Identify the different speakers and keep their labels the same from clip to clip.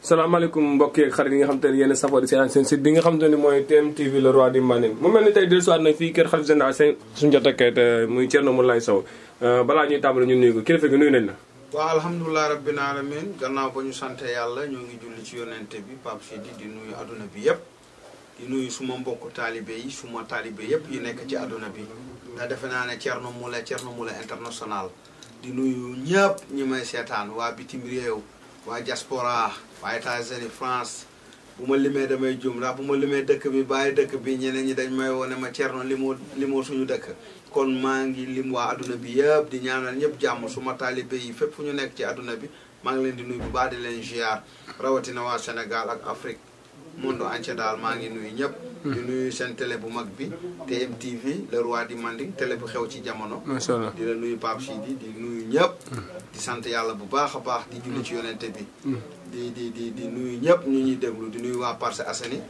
Speaker 1: salaamaaleykum mbokk yeeg xarit yi nga xam te ne yéen a safoo di seen seen site bi nga xam te ne mooy TMTV le roi mu mel ni tey dellusiwaat nañ fii kër xarit général seen suñu jotakeet euh, muy Thierno Moulay Sow euh, balaa ñuy tàmbali ñu nuyu ko kilifa gi nuyu nañ la
Speaker 2: waaw alhamdulilah rabbil alamin gannaaw ba ñu sante yàlla ñoo ngi julli ci yonente bi Pape Sidi di nuyu adduna bi yëpp di nuyu suma mbokk taalibe yi suma taalibe yëpp yi nekk ci adduna bi ndax defe naa ne Thierno mu Thierno Moulay international di nuyu ñëpp ñi may seetaan waa bitim réew waa diaspora waa États-Unis France bu ma limee damay jum ndax bu ma limee dëkk bi bàyyi dëkk bi ñeneen ñi dañ may wone ma Thierno limoo limoo suñu dëkk kon maa ngi lim waa adduna bi yëpp di ñaanal ñëpp jàmm suma taalibe yi fépp fu ñu nekk ci àdduna bi maa ngi leen di nuy bu baax di leen ziar rawatina waa Sénégal ak Afrique monde entier daal maa ngi nuyu ñëpp di nuyu seen télé bu mag bi TMTV le roi di Manding télé bu xew ci jamono. macha allah di la nuyu Pape Sidi di nuyu ñëpp. di yàlla bu baax a baax di julli ci yonente bi. di di di di nuyu ñëpp ñu ñuy déglu di nuyu waa Parcelles Assainies.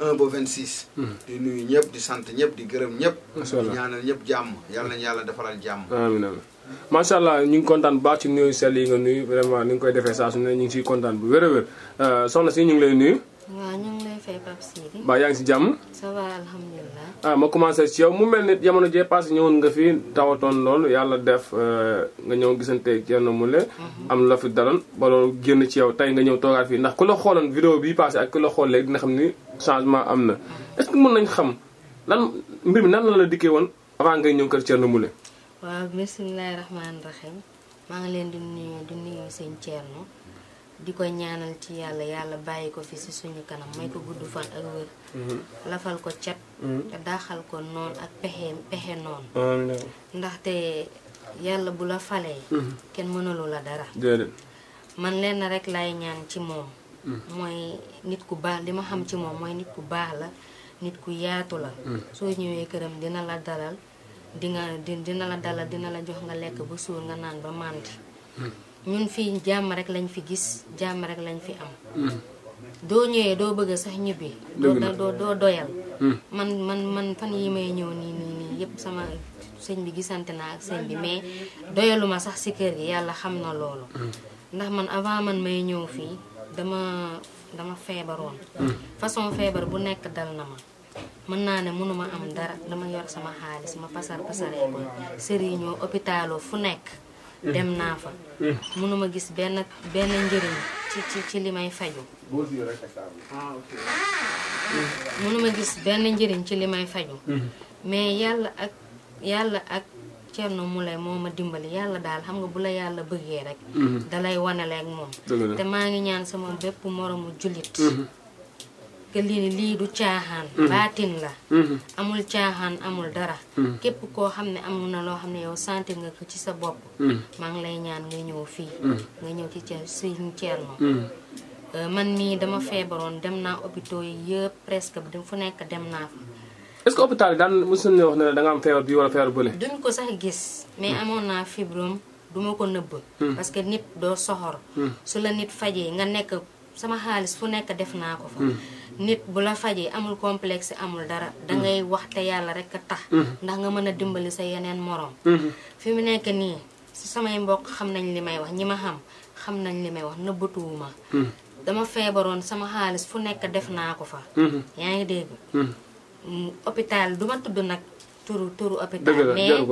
Speaker 2: 1 ba 26. di nuyu ñëpp di sant ñëpp di gërëm ñëpp. macha allah di ñaanal ñëpp jàmm yàlla nañu yàlla jàmm.
Speaker 1: amiin amiin macha allah ñu ngi kontaan bu baax ci nuyu sell yi nga nuyu vraiment ni nga koy defee saa su ne ñu ngi siy kontaan bu wér euh, soxna si ñu ngi lay nuyu. def Sidi. yaa ngi si jàmm.
Speaker 3: ça va alhamdulilah.
Speaker 1: ah ma commencé si yow mu mel ni jamono jee passé ñëwoon nga fi tawatoon loolu yàlla def euh, nga ñëw gisante ak Thierno Moule. Mhm. am la fi daloon ba loolu génn ci yow tey nga ñëw toogaat fii ndax ku la xooloon vidéo bii passé ak ku la xool léegi dina xam ni changement am na. Mhm. est ce que mën nañ xam lan mbir mi nan la la dikkee woon avant ngay ñëw kër Thierno Moule.
Speaker 3: waaw bisimilah rahmaani rahim maa ngi leen di nuyu di nuyu sëñ di ko ñaanal ci yàlla yàlla bàyyi ko fi ci suñu kanam may ko gudd fan ak wér mhm. lafal ko cat mhm. te daaxal ko noon ak pexe pexe noon ndaxte yàlla bu la falee mhm. kenn mënalu dara man lenn rek lay ñaan ci moom mooy nit ku baax li ma xam ci moom mooy nit ku baax la nit ku yaatu la soo ñëwee këram dina la dalal di nga dina la dalal dina la jox nga lekk bu suur nga naan ba màndi ñun fii jàmm rek lañ fi gis jàmm rek lañ fi am hmm. doo ñëwee doo bëgg sax ñibbi doo doo doyal hmm. man man man fan yi may ñëw nii nii nii yëpp sama sëñ bi gisante naa ak sëñ bi mais doyaluma sax si kër gi yàlla xam na loolu hmm. ndax man avant man may ñëw fii dama dama feebaroon façon feebar bu nekk dal na ma mën naa ne mënuma am dara dama yor sama xaalis ma pasar pasaree ko sëriñoo opitaaloo fu nekk
Speaker 1: Mm-hmm. dem naa fa.
Speaker 3: mënuma mm-hmm. gis benn benn njëriñ ci ci li may faju.
Speaker 2: Ah,
Speaker 3: mënuma mm-hmm. gis benn njëriñ ci li may faju. mais yàlla ak yàlla ak Thierno Moulé moo ma dimbali yàlla daal xam nga bu la yàlla bëggee rek. dalay wanale ak moom. te maa ngi ñaan sama bépp moromu jullit. lii lii du caaxaan. Mm-hmm. baatin la. Mm-hmm. amul caaxaan amul dara. Mm-hmm. képp koo xam ne amul na loo xam ne yow sentir nga ko ci sa bopp. maa ngi lay ñaan ñëw fii. nga ñëw euh, man mii dama feebaroon dem naa hôpitaux yi yëpp presque fu nekk dem naa fa.
Speaker 1: est-ce que yi daan da nga am feebar bi wala feebar bële.
Speaker 3: duñ ko sax gis. mais amoon naa fibrome duma ko nëbb. parce que nit doo soxor. su la nit fajee nga nekk sama xaalis fu nekk def naa ko fa. nit bu la fajee amul complexe amul dara mm. dangay wax te yàlla rek a tax mm-hmm. ndax nga mën a dimbali sa yeneen moroom mm-hmm. fi mu nekk nii si samay mbokk xam nañ li may wax ñi ma xam xam nañ li may wax nëbbatuwuma mm-hmm. dama feebaroon sama xaalis fu nekk def naa ko fa yaa ngi dégg mm, hôpital duma tudd nag turu turu hôpital mm.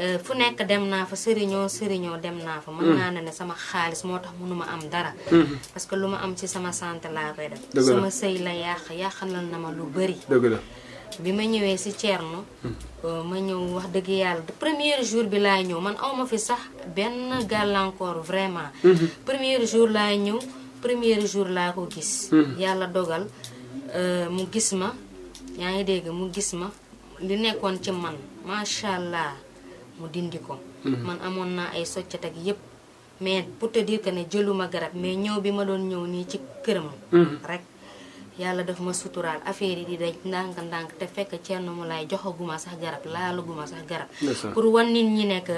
Speaker 3: euh, fu nekk dem naa fa sëriñoo sëriñoo dem naa fa mën mm. naa ne sama xaalis moo tax mënuma am dara mm-hmm. parce que lu ma am ci sama santé laa koy def sama sëy la yàq yàqalal na ma lu bëri bi ma ñëwee si Thierno mm. euh, ma ñëw wax dëgg yàlla premier jour bi laay ñëw man awma fi sax benn gàllankoor vraiment mm-hmm. premier jour laay ñëw premier jour laa ko gis mm-hmm. yàlla dogal euh, mu gis ma yaa ngi dégg mu gis ma li nekkoon ci man macha allah mu dindi ko. Hmm. man amoon naa ay soccet ak yëpp. mais pour te dire que ne jëluma garab mais ñëw bi ma doon ñëw nii ci këram. Hmm. rek yàlla daf ma suturaal affaire yi di daj ndànk-ndànk te fekk Thierno Moulay joxaguma sax garab laalaguma sax garab. pour wan nit ñi nekk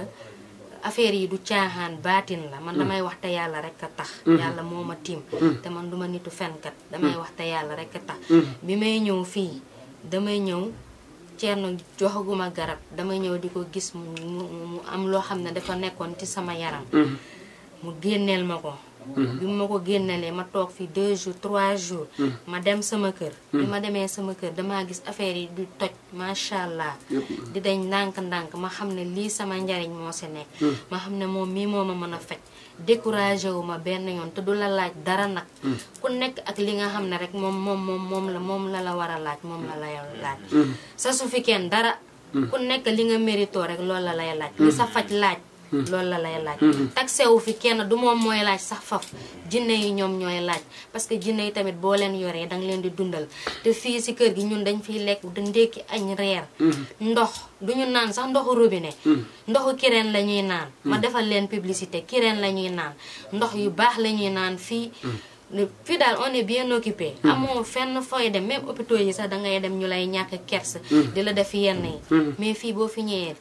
Speaker 3: affaire yi du caaxaan baatin la man hmm. damay wax te yàlla rek a tax. yàlla moo ma tiim. te man du ma nitu fenkat damay wax te yàlla rek a tax. bi may ñëw fii damay ñëw. Thierno joxaguma garab dama ñëw di ko gis mu mu am loo xam ne dafa nekkoon ci sama yaram. Mm-hmm. mu génneel ma ko. Mm-hmm. bi mu ma ko génnalee ma toog fi deux jours trois jours mm-hmm. ma dem sama kër mm-hmm. bi ma demee sama kër damaa gis affaire yi du toj macha allah di dañ ndànk-ndànk ma xam ne lii sama njariñ moo si nekk mm. ma xam ne moom mii moo ma mën a faj découragé wu ma benn yoon te du la laaj dara nag mm. ku nekk ak li nga xam ne rek moom moom moom la moom la la war a laaj moom la la laaj mm. sa su fi kenn dara ku nekk li nga meritoo rek loolu la lay laaj li sa faj laaj loolu la lay laaj mm-hmm. taxé wu fi kenn du moom mooy laaj sax faf jinne yi ñoom ñooy laaj parce que jinne yi tamit boo leen yoree danga leen di dundal te fii si kër gi ñun dañ fiy lekk da ndékki añ reer mm-hmm. ndox du ñu naan sax ndoxu robine mm-hmm. ndoxu kireen la ñuy naan ma defal leen publicité kireen la ñuy naan ndox yu baax la ñuy naan fii fii daal one est bien occupé amoo fenn fooy dem même hôpitaux yi sax da ngay dem ñu lay ñàkk kersa di la def yenn yi mais fii boo fi ñëwee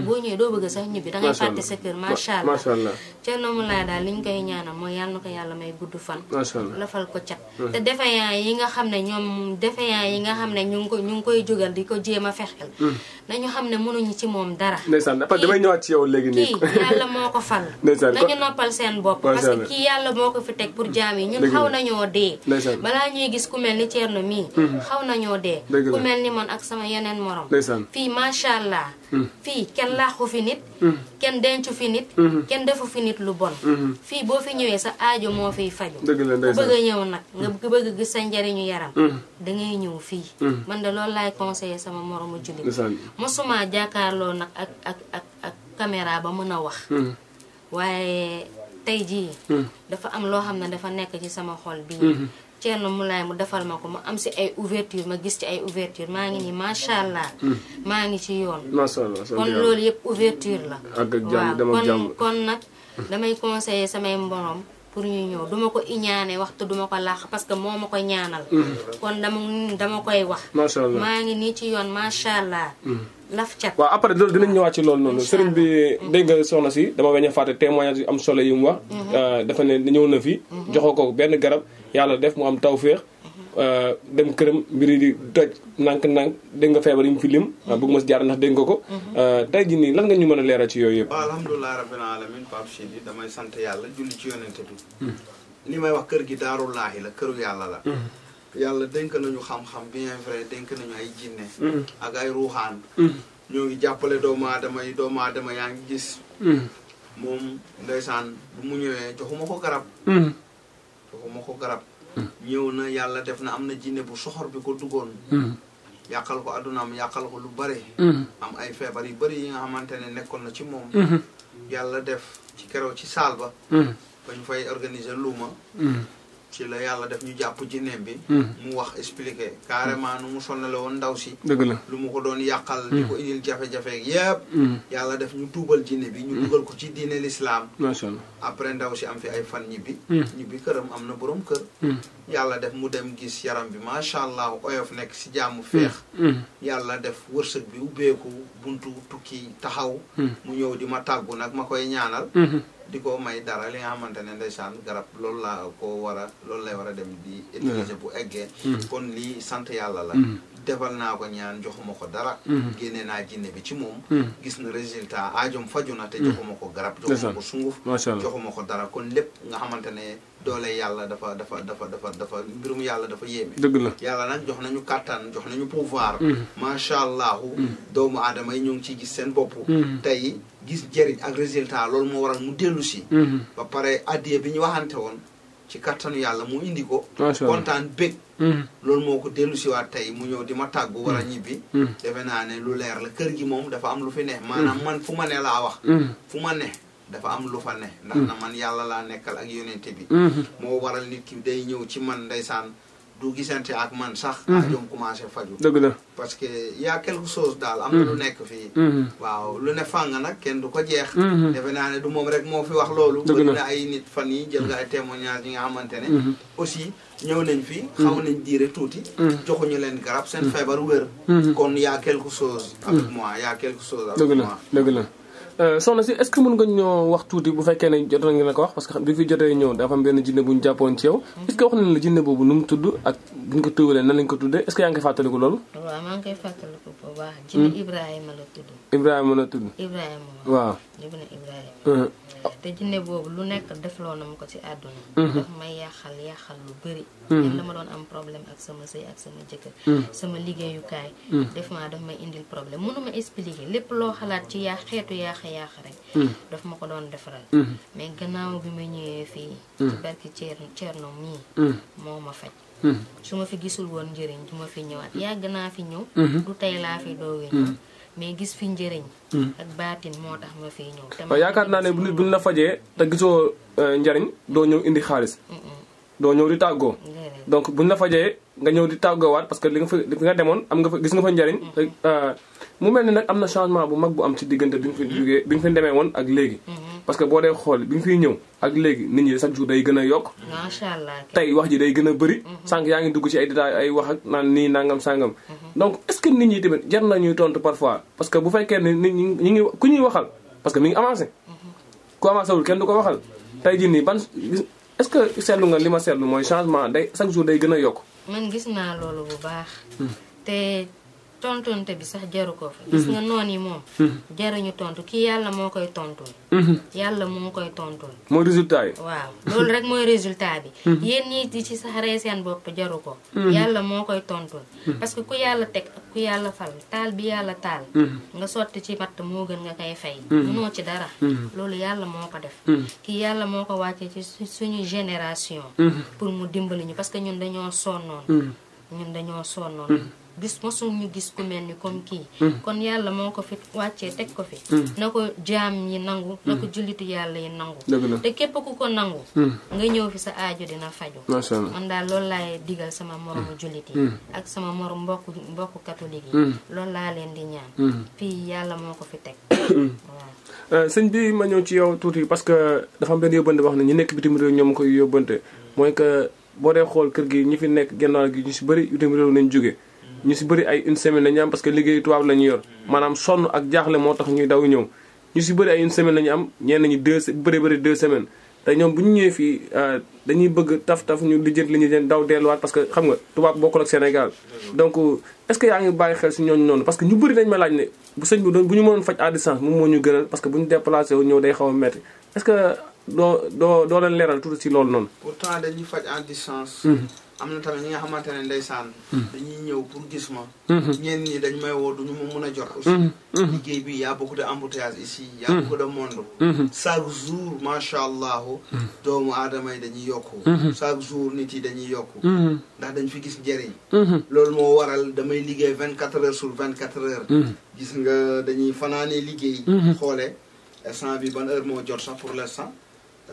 Speaker 3: boo ñëwee doo bëgg sax ñibbi da ngay fàtte sa kër macha allah Thierno Moulay daal li ñu koy ñaanal mooy yàlla ko yàlla may gudd fan. macha allah ko cat. Hmm. te défaillant yi nga xam ne ñoom défaillant yi nga xam ne ñu ngi ko ñu ngi koy jógal di ko jéem a fexeel. Hmm. nañu xam ne mënuñu ci moom dara.
Speaker 1: ndeysaan parce que damay ñëwaat ci yow kii yàlla
Speaker 3: moo ko fal. ndeysaan nañu noppal seen bopp. parce yàlla moo ko fi teg pour jaam yi ñun xaw nañoo dee. balaa ñuy gis ku mel ni Thierno mii. Hmm. xaw nañoo dee. ku mel ni man ak sama yeneen morom. fii macha allah. fii kenn laaxu fi nit. kenn dencu fi nit. kenn defu fi nit lu bon mm-hmm. fii boo fi ñëwee sa aajo moo fiy faju ku bëgg a ñëw nag nga mm-hmm. bëgg a gis sa njariñu yaram mm-hmm. dangay ñëw fii man de loolu laay conseillé sama moromu jullit mosuma jàkkaarloo nag ak ak ak ak caméra ba mën a wax waaye tey jii dafa am loo xam ne dafa nekk ci sama xol bii Thierno Moulay mu defal ma ko ma am si ay ouverture ma gis ci ay ouverture maa ngi nii macha allah. Hmm. maa ngi ci yoon.
Speaker 1: macha kon loolu
Speaker 3: yëpp ouverture la.
Speaker 1: ak jàmm dem ak jàmm waaw
Speaker 3: kon nag damay conseiller samay mborom. pour ñu ñëw duma ko iñaane wax te duma ko laax parce que moo ma ko ñaanal. Hmm. kon dama koy wax.
Speaker 1: macha maa
Speaker 3: ngi nii ci yoon macha allah. Hmm. laf cat
Speaker 1: waaw après loolu dinañ ñëwaat ci loolu noonu sëriñ mm-hmm. si dama bañ a fàtte témoignage yu am solo yi mu wax mm-hmm. euh, dafa ne ñëw na fi mm-hmm. joxoo ko benn garab yàlla def mu am tawféex euh, dem këram mbir yi di doj nànk-nànk dégg nga feebar yi mu fi lim ah, bëgg ma si jaar ndax dégg nga ko euh, tey jii nii lan nga ñu mën a leeral ci yooyu yëpp
Speaker 2: alhamdulilah rabbil alamin Pape Sidi damay sant yàlla julli ci yonente bi mm. li may wax kër gi daaru laahi la këru yàlla la mm. yàlla dénk nañu xam bien vrai dénk nañu mm. mm. ñoo ngi jàppale doomu aadama yi yaa ngi gis mm. moom ndeysaan bu mu ñëwee joxuma ko garab ko garab ñëw na yàlla def na am na jinne bu soxor bi ko duggoon yàqal ko addunaam yàqal ko lu bëri am ay feebar yu bëri yi nga xamante ne nekkoon na ci moom mm-hmm. yàlla def ci keroog ci saal ba ba ñu fay organiser luuma ci la yàlla def ñu jàpp ci neem bi. Hmm. mu wax expliqué carrément nu mu sonale woon ndaw si. dëgg la lu mu ko doon yàqal. Hmm. di ko indil jafe-jafe yépp hmm. yàlla def ñu tuubal jinne bi. ñu dugal ko ci diine lislaam. macha allah après ndaw si am fi ay fan ñibbi. ñibbi këram am na borom kër. yàlla def mu dem gis yaram bi macha allah oyof nekk si jàmm feex. yàlla def wërsëg bi ubbeeku buntu tukki taxaw. mu ñëw di ma tàggu nag ma koy ñaanal. di ko may dara li nga xamante ne ndeysaan garab loolu laa ko war a loolu lay war a dem di mm. utiliser bu eggee mm. kon li sant yàlla la mm. defal naa ko ñaan joxuma ko dara génne naa jinne bi ci moom gis na résultat aajom faju na te joxuma ko garab joxuma ko sunguf joxuma ko dara kon lépp nga xamante ne doole yàlla dafa dafa dafa dafa dafa mbirum yàlla dafa yéeme dëgg la yàlla nag jox nañu kàttan jox nañu pouvoir macha allahu doomu aadama yi ñu ngi ciy gis seen bopp tey gis njëriñ ak résultat loolu moo waral mu dellu si. Mhm. ba pare addiya bi ñu waxante woon ci kattanu yàlla mu indi ko. kontaan bég. Mhm. loolu moo ko dellu si tey mu ñëw di ma tàggu wala mhm. ñibbi. defe naa ne lu leer la kër gi moom dafa am lu fi ne. maanaam man fu ma ne laa wax. fu ma ne. dafa am lu fa ne. ndax na man yàlla laa nekkal ak yonente bi. moo waral nit ki day ñëw ci man ndeysaan. du gisante ak man sax. Mhm. aajom commencé faju dëgg na parce que y' a quelque chose daal am na mhm. lu nekk fii. Mhm. waaw lu ne fàng nag kenn du ko jeex. defe naa ne du moom rek moo fi wax loolu. dëgg la ay nit fan yi jël nga ay témoignages yi nga xamante ne. aussi ñëw nañ fi. xaw nañ diire tuuti. joxuñu leen garab seen feebar wér. kon y' a quelque chose. avec moi y' quelque chose avec moi. dëgg la
Speaker 1: dëgg Euh, soxna si est-ce que mën nga ñoo wax tuuti bu fekkee ne jot na nga ko wax parce que bi fi jotee ñëw dafa am jinne bu jàppoon ci yow. Mhm. est wax nañ la jinne boobu nu mu tudd ak bu ko tëwalee nan lañ ko tuddee est-ce que yaa ngi koy fàttaliku loolu.
Speaker 3: waaw maa ngi koy fàttaliku bu hmm. la tudd. Ibrahima
Speaker 1: la tudd. Hmm.
Speaker 3: te jinne boobu lu nekk defloo na ma ko ci àdduna. Hmm. daf may yàqal yàqal lu bëri. ñun dama doon am problème ak sama sëy ak sama jëkkër. sama liggéeyukaay. def maa daf may indil problème mënuma expliquer lépp loo xalaat ci yaa xeetu yaa yàq-yàq hmm. daf ma ko doon defaral. Hmm. mais gannaaw bi ma ñëwee fii. Hmm. ci barki Thierno Thierno mii. moo ma faj. su ma fi gisul woon njëriñ du ma fi ñëwaat yàgg naa fi ñëw. du tey laa fi gis fi njëriñ. ak baatin moo tax ma fi ñëw. tamit
Speaker 1: yaakaar naa ne bu bu la fajee te gisoo euh, njëriñ doo ñëw indi xaalis. ñëw di tàggoo. donc bu ñu la fajee nga parce que li nga demoon am nga fa gis nga fa njëriñ. Euh, mu mel ni nag am na changement bu mag bu am ci diggante bi nga fi jógee bi nga fi demee woon ak léegi. Mm-hmm. parce que boo dee xool bi nga fiy ñëw ak léegi a a mm-hmm. ngi dugg ci ay nii nangam mm-hmm. que nit ñi tamit jar na ñuy tontu parfois parce que nga li ma seetlu mooy changement day chaque jour day gën a yokk.
Speaker 3: man gis naa loolu bu baax. Hmm. tontonte bi sax jaru ko fa mhm. gis nga noon yi moom mhm. jaruñu tontu kii yàlla moo koy tontu mhm. yàlla moo koy tontul
Speaker 1: mooy résultat yi
Speaker 3: waaw loolu rek mooy résultat bi yéen ñii ci sax rey seen jaru ko yàlla moo koy tontul parce que ku yàlla teg ku yàlla fal taal bi yàlla taal nga sotti ci matt moo gën nga koy fay munoo ci dara loolu yàlla moo ko def kii yàlla moo ko wàccee ci suñu génération pour mu dimbali ñu parce que ñun dañoo sonnoon ñun dañoo sonnoon gis mosuñu gis ku mel ni comme kii hmm. kon yàlla moo ko fi wàccee teg ko fi hmm. na ko jaam yi nangu na ko hmm. jullitu yàlla yi nangu te képp ku ko nangu nga ñëw fi sa aajo dina faju man daal loolu laay digal sama moromu jullit yi ak sama morom mbokk mbokku catholique yi loolu laa leen di ñaan fii yàlla moo ko fi teg
Speaker 1: waaw euh, sëñ bi ma ñëw ci yow tuuti parce que dafa am benn yóbbante wax ne ñu nekk bitim réew ñoom koy yóbbante mooy que boo dee xool kër gi ñi fi nekk genn wàll ñu si bëri bitim réew nañ ñu si bëri ay une semaine la am parce que liggéeyu tubaab la ñu yor maanaam sonn ak jaaxle moo tax ñuy daw ñëw ñu si bëri ay une semaine la am ñeen ñi deux bëri bëri deux semaines te ñoom bu ñu ñëwee fii euh, dañuy bëgg taf-taf ñu lijjant li ñu leen daw delluwaat parce que xam nga tubaab bokkul ak Sénégal donc euh, est ce que yaa ngi bàyyi xel si ñooñu noonu parce que ñu bëri dañ ma laaj ne bu sëñ bi doon bu ñu mënoon faj à distance moom moo ñu gënal parce bu ñu déplacé ñëw day doo doo leeral tuuti si loolu noonu
Speaker 2: pourtant dañuy faj à am na tamit nga xamante ne ndeysaan hmm. dañuy ñëw pour gis ma hmm. ñenn ñi dañ may woo duñu ma mën a jot aussi hmm. liggéey bi y a beaucoup de ici y a beaucoup de monde chaque jour macha allahu doomu aadama yi dañuy yokku chaque jour nit yi dañuy yokku ndax dañ fi gis njëriñ loolu moo waral damay liggéey vingt quatre heures sur vingt quatre heures gis nga dañuy fanaanee liggéey xoole instant bi ban heure moo jot sax pour l'instant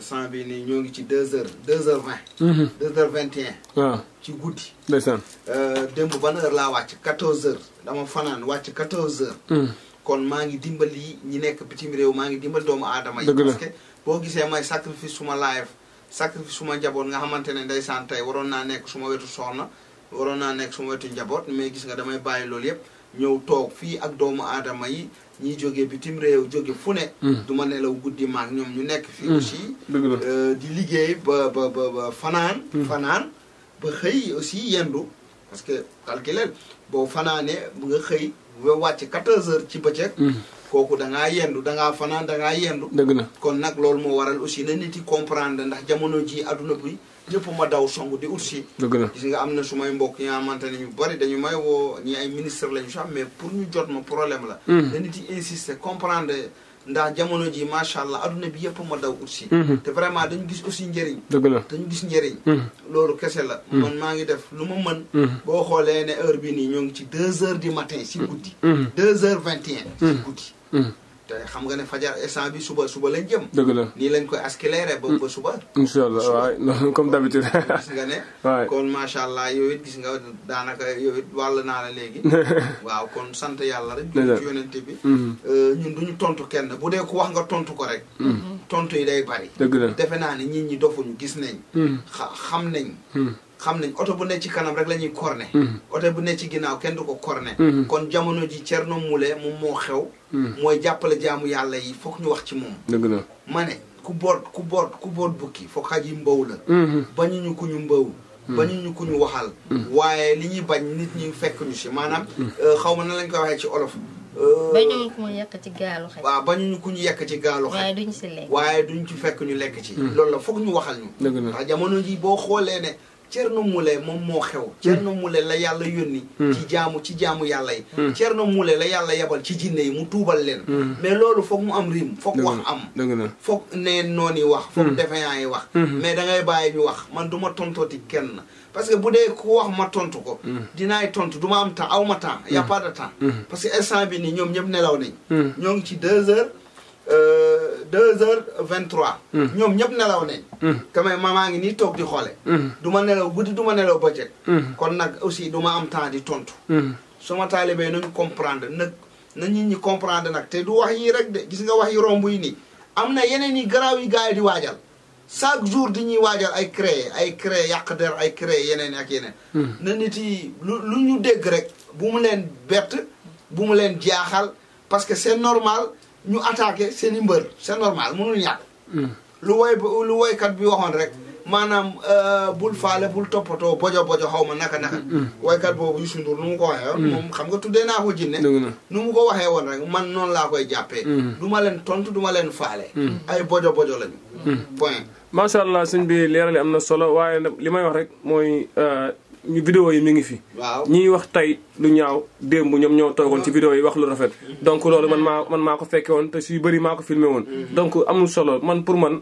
Speaker 2: sant bii nii ñoo ngi ci deux heures deux heures vingt. Mhm. deux heures vingt et un. Ah. ci guddi. ndeysaan. Euh, démb ban heure laa wàcc quatorze heures dama fanaan wàcc quatorze heures. Mm. kon maa ngi dimbali ñi nekk bitim réew maa ngi dimbali doomu aadama yi. parce que boo gisee may sacrifice suma live sacrifice suma njaboot nga xamante ne ndeysaan tey waroon naa nekk suma wetu soxna waroon naa nekk suma wetu njaboot mais gis nga damay bàyyi loolu yëpp. ñëw toog fii ak doomu aadama yi ñi jóge bitim réew jóge fu ne hmm. du ma nelaw guddi maak ñoom ñu nekk fii hmm. aussi euh, di liggéey ba ba ba fanaan hmm. fanaan ba xëy aussi yendu parce que calculer boo fanaane nga xëy ba wàcc 14 heures ci bëccëg kooku da ngaa yendu da fanaan da yendu dëgg la kon nag loolu moo waral aussi na nit yi comprendre ndax jamono ji adduna buy ñëpp ma daw song di ut si gis nga am na su may mbokk yi nga ne ñu bari dañu may woo ñi ay ministre lañu sax mais pour ñu jot ma problème la da hmm. nit yi insister comprendre ndax jamono ji macha allah adduna bi yëpp ma daw ut si hmm. te vraiment dañu gis aussi njëriñ dëgg la dañu gis njëriñ hmm. loolu kese la man maa ngi def lu ma man boo xoolee ne heure bi nii ñoo ngi ci deux heures du matin si guddi deux heures vingt et un si guddi te xam nga ne fajar instant bi suba suba lañ jëm. dëgg la nii lañ koy askileere ba ba suba.
Speaker 1: incha allah waay comme d'habitude. gis
Speaker 2: nga ne. nga daanaka yow it naa la léegi. waaw kon sant yàlla rek. dëgg bi. Mm-hmm. Euh, ñun duñu tontu kenn bu dee ku wax nga tontu ko rek. Mm-hmm. tontu yi day bari. dëgg la defe naa ni nit ñi dofuñu gis nañ. Mm-hmm. xam nañ. xam nañ oto bu ne ci kanam rek la ñuy corné. oto bu ne ci ginnaaw kenn du ko corné. kon jamono ji Thierno Moule moom moo xew. mooy jàppale jaamu yàlla yi foog ñu wax ci moom. dëgg la ma ne ku boot ku boot ku boot bukki foog xaj yi mbaw la. Mhm. bañuñu ku ñu mbaw. Mhm. bañuñu ku ñu waxal. Mhm. waaye li ñuy bañ nit ñi fekk ñu si maanaam. Euh, xaw ma nan lañ koy waxee ci olof. Euh,
Speaker 3: bañuñu ku ñu yekk ci gaalu xaj. waaw
Speaker 2: bañuñu ku ñu yekk ci gaalu xaj. waaye si waaye duñ ci fekk ñu lekk ci. lool la foog ñu waxal ñu. dëgg jamono ji boo xoolee ne. Thierno Moule moom moo xew mm. Thierno Moule la yàlla yónni mm. ci jaamu ci jaamu yàlla yi mm. Thierno Moule la yàlla yabal ci jinne yi mu tuubal leen mais loolu foog mu am rim foog wax am foog ne noon yi wax foog defeyant yi wax mm-hmm. mais dangay bàyyi ñu wax man duma tontoo ti kenn parce que bu dee ku wax ma tontu ko dinaay tontu duma am temps aw ma temps y a pas de temps que instant bi nii ñoom ñëpp nelaw nañ ñoo ngi ci deux Euh, deux heures vingt trois. Hmm. ñoom ñëpp nelaw ne hmm. quand même mamaa ngi nii toog di xoole. Hmm. du ma nelaw guddi du ma nelaw kon nag aussi du ma am temps di tontu. suma taalibee nañu comprendre nag na nit ñi comprendre nag te du wax yi rek de gis nga wax yi romb yi nii am na yeneen yi garaaw yi gars di waajal chaque jour di ñuy waajal ay créer ay créer yàq der ay créer yeneen ak yeneen. na nit lu ñu dégg rek bu mu leen bett bu mu leen jaaxal parce que c'est normal. ñu attaqué seen i mbër c'est normal mënul ñàkk. Hmm. lu woy lu woykat bi waxoon rek maanaam euh, bul faale bul toppatoo bojo bojo xaw ma naka naka. Hmm. kat boobu Youssou Ndour nu mu ko waxee woon. Hmm. xam nga tuddee naa ko jinne nu mu ko waxee woon rek man noonu laa koy jàppee. du ma leen tontu du leen faale. ay bojo bojo lañu. point.
Speaker 1: macha allah suñ bi leerali am na solo waaye li ma wax rek mooy euh, ñu vidéo yi mi ngi fi. waaw ñiy wax tey lu ñaaw démb ñoom ñoo toogoon ci vidéo yi wax lu rafet. donc loolu man maa man maa ko fekke woon te yu bëri maa ko filmé woon. Mm-hmm. donc amul solo man pour man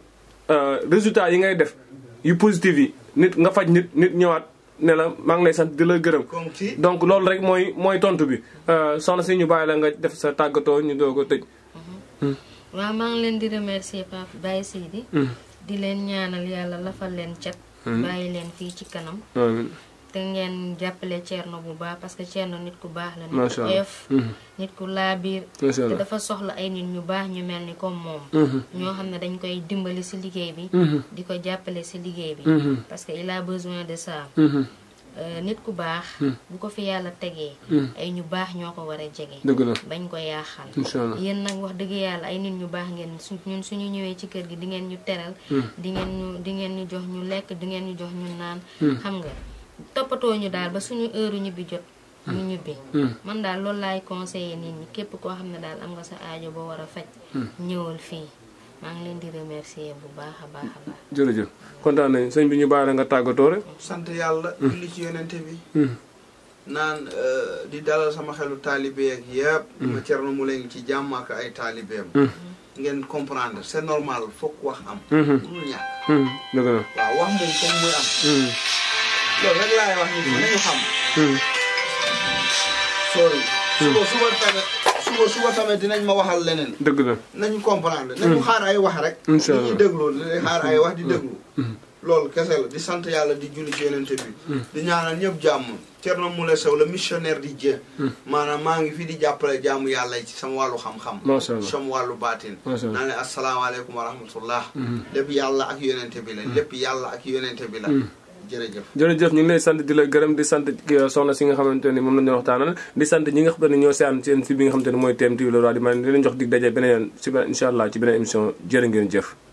Speaker 1: euh, résultat yi ngay def yu positif yi nit nga faj nit nit ñëwaat. ne la maa ngi lay sant di la gërëm. donc loolu rek mooy mooy tontu bi euh, soxna si ñu bàyyi nga def sa tàggatoo ñu doog ko tëj.
Speaker 3: Mm-hmm. Mm-hmm. waaw maa ngi leen di remercier Pape Baye Seydi di leen ñaanal yàlla lafal leen cet. bàyyi leen fii ci kanam. te ngeen jàppale Thierno bu baax parce que Thierno nit ku baax la. nit ku eef mhm. nit ku laabiir. te dafa soxla ay nit ñu baax ñu mel ni comme moom. Mhm. ñoo xam ne dañ koy dimbali si liggéey bi. Mhm. di ko jàppale si liggéey bi. parce que il a besoin de ça. Euh, nit ku baax. bu ko fi yàlla tegee. ay ñu baax ñoo ko war a jege. bañ ko yaaxal. yéen nag wax dëgg yàlla ay nit ñu baax ngeen ñun suñu ñëwee ci kër gi di ngeen ñu teral. di ngeen ñu di ngeen ñu jox ñu lekk di ngeen ñu jox ñu naan. xam nga. toppatoo ñu daal ba suñu heure ñibbi jot. ñu hmm. ñibbi. Hmm. man daal loolu laay conseillé nit ñi képp koo xam ne daal am nga sa aajo ba war a faj. Hmm. ñëwal fii maa ngi leen di
Speaker 2: remercier bu baax a baax a baax.
Speaker 1: jërëjëf kontaan nañu sëñ bi ñu baale nga tàggatoo rek.
Speaker 2: sant yàlla. julli ci yonente bi. naan eh, di dalal sama xelu taalibe yeeg yëpp. ma Thierno Moule ngi ci jàmm ay taalibeem. ngeen comprendre c'est normal foog wax am. mënul lool rek laay wax ñu nañu xam. Hmm. sori. Hmm. suba suba tamit suba suba tamit dinañ ma waxal leneen. dëgg la nañu comprendre. nañu hmm. xaar ay wax rek. incha allah ñuy déglu dinañ wax di déglu. loolu kese la di sant yàlla di julli ci yonente bi. di ñaanal ñëpp jàmm. Thierno Moule Sow la missionnaire di Dieng. maanaam maa ngi fi di jàppale jàmm yàlla ci sama wàllu xam-xam. macha allah sama wàllu baatin. macha allah naa ne asalaamaaleykum wa rahmatullah. lépp yàlla ak yonente bi la. lépp yàlla ak yonente bi la. jërëjëf
Speaker 1: jërëjëf ñu ngi lay sant di la gërëm di sant euh, soxna si nga xamante ni moom la ñu waxtaanal di sant ñi nga xam ne ñoo seetaan seen fi bi nga xamante ne mooy TMT le roi di ma leen jox dig daje beneen si beneen incha allah ci beneen émission jërë ngeen jëf